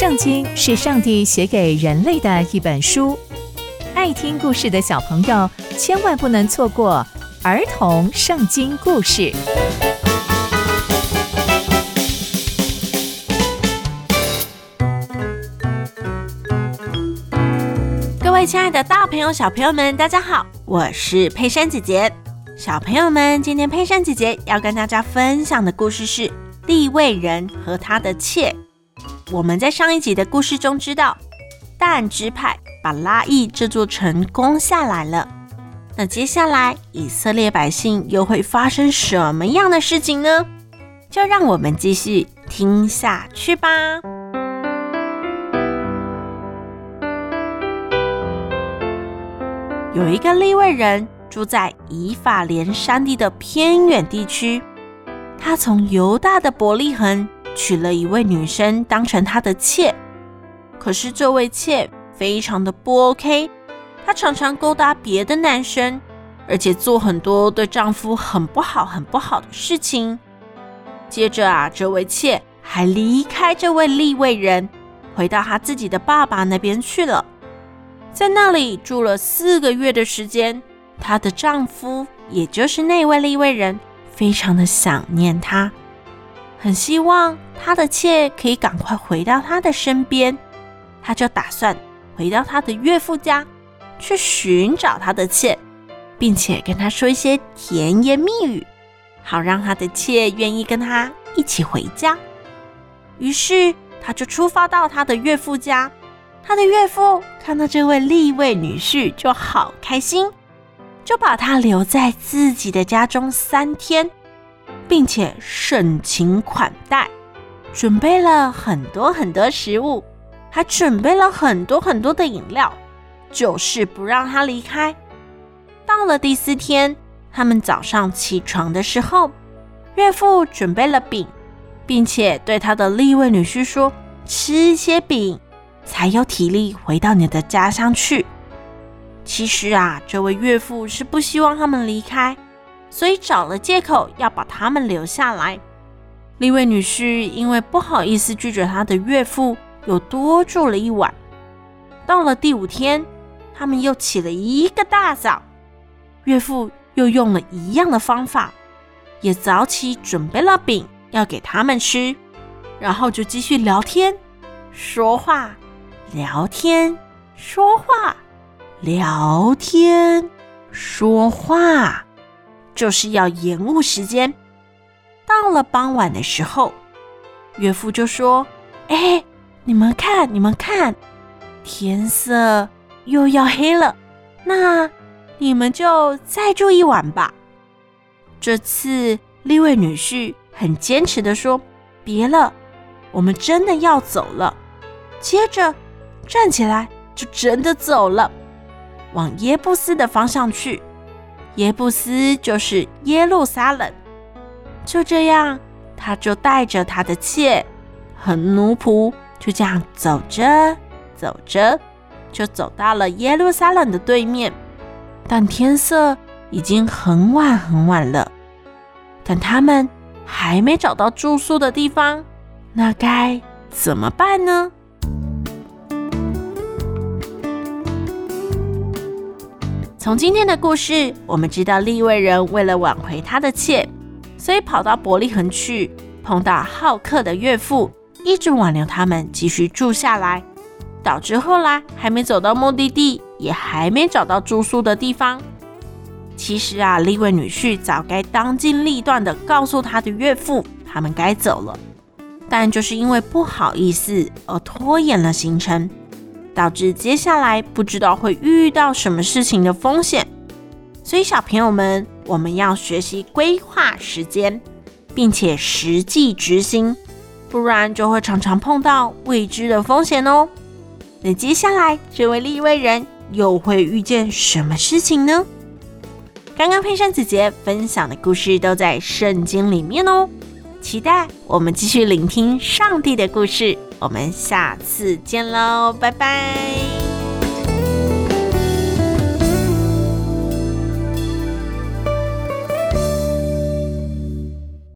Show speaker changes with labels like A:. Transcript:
A: 聖經是上帝寫給人類的一本書，愛聽故事的小朋友千萬不能錯過兒童聖經故事。各位親愛的大朋友、小朋友們，大家好，我是佩珊姐姐。小朋友們，今天佩珊姐姐要跟大家分享的故事是《利未人和他的妾》。我們在上一集的故事中知道，但支派把拉億這座城攻下來了。那接下來以色列百姓又會發生什麼樣的事情呢？就讓我們繼續聽下去吧。有一個利未人住在以法蓮山地的偏遠地區，他從猶大的伯利恆。娶了一位女生當成她的妾，可是這位妾非常的不 OK，她常常勾搭別的男生，而且做很多對丈夫很不好、很不好的事情。接着啊，這位妾還離開這位利未人，回到她自己的爸爸那邊去了，在那裡住了四個月的時間。她的丈夫，也就是那位利未人，非常的想念她。很希望他的妾可以趕快回到他的身邊，他就打算回到他的岳父家，去尋找他的妾，並且跟他說一些甜言蜜語，好讓他的妾願意跟他一起回家。於是，他就出發到他的岳父家。他的岳父看到這位利未人女婿就好開心，就把他留在自己的家中三天。並且盛情款待，準備了很多很多食物，還準備了很多很多的飲料，就是不讓他離開。到了第四天，他們早上起床的時候，岳父準備了餅，並且對他的另一位女婿說：“吃一些餅，才有體力回到你的家鄉去。”其實啊，這位岳父是不希望他們離開。所以找了借口要把他們留下來。另一位女婿因為不好意思拒絕他的岳父，又多住了一晚。到了第五天，他們又起了一個大早，岳父又用了一樣的方法，也早起準備了餅要給他們吃，然後就繼續聊天說話，聊天說話，聊天說話。就是要延誤時間。到了傍晚的時候，岳父就說：“哎，你們看，你們看，天色又要黑了，那你們就再住一晚吧。”這次利未女婿很堅持的說：“別了，我們真的要走了。”接着站起來，就真的走了，往耶布斯的方向去。耶布斯就是耶路撒冷，就這樣，他就帶着他的妾和奴僕，就這樣走着走着，就走到了耶路撒冷的對面。但天色已經很晚很晚了，但他們還沒找到住宿的地方，那該怎麼辦呢？從今天的故事，我們知道利未人為了挽回他的妾，所以跑到伯利恆去，碰到好客的岳父，一直挽留他們繼續住下來，導致後來還沒走到目的地，也還沒找到住宿的地方。其實啊，利未女婿早該當機立斷的告訴他的岳父，他們該走了，但就是因為不好意思而拖延了行程。導致接下來不知道會遇到什麼事情的風險，所以小朋友們，我們要學習規劃時間，並且實際執行，不然就會常常碰到未知的風險哦。那接下來這位利未人又會遇見什麼事情呢？剛剛佩珊姐姐分享的故事都在聖經裡面哦，期待我們繼續聆聽上帝的故事。我們下次見嘍，拜拜。